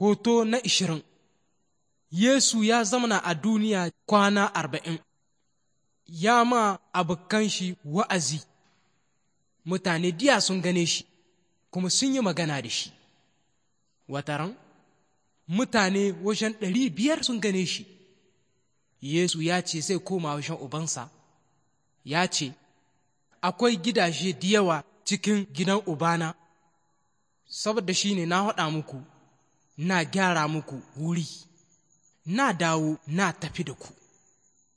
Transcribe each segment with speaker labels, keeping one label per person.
Speaker 1: Hoto na ishirin Yesu ya zamana a duniya kwana arba'in, ya ma abokan shi wa'azi, mutane diya sun gane shi, kuma sun yi magana da shi. Wataran, mutane wajen ɗari biyar sun gane shi. Yesu ya ce sai koma wajen ubansa, ya ce, Akwai gidaje da yawa cikin gidan Ubana, saboda shi ne na haɗa muku. na gyara muku wuri na dawo na tafi da ku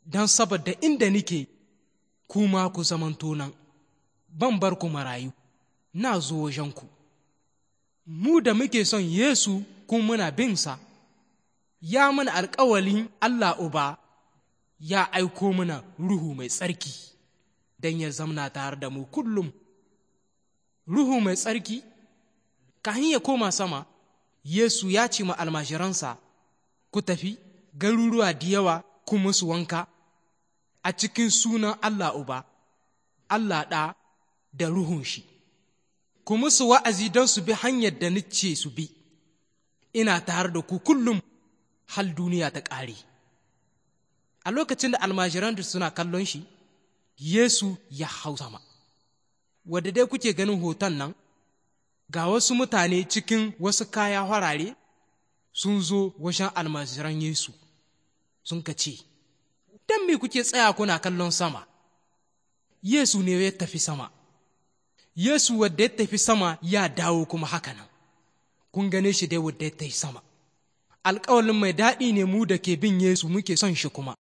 Speaker 1: don saboda inda nike kuma ku zamanto nan ban bar ku marayu na zo wajenku mu da muke son yesu kun muna binsa ya mana alkawalin allah uba ya aiko mana ruhu mai tsarki don ya zamna tare da mu kullum ruhu mai tsarki kahin ya koma sama Yesu ya ce ma almajiransa, Ku tafi garuruwa da yawa ku musu wanka a cikin sunan Allah Uba, Allah ɗa da Ruhun shi, ku musu wa'azi don su bi hanyar da nice su bi, ina tare da ku kullum hal duniya ta ƙare. A lokacin da almajiran da suna kallon shi, Yesu ya hau sama. Wadda dai kuke ganin hoton nan, ga wasu mutane cikin wasu kaya farare sun zo wajen almajiran Yesu sun ka ce, Don me kuke tsaya kuna kallon sama? Yesu ne ya tafi sama, Yesu wadda ya tafi sama ya dawo kuma haka nan, kun gane shi dai wadda ya tafi sama. Alƙawalin mai daɗi ne mu da ke bin Yesu muke son shi kuma.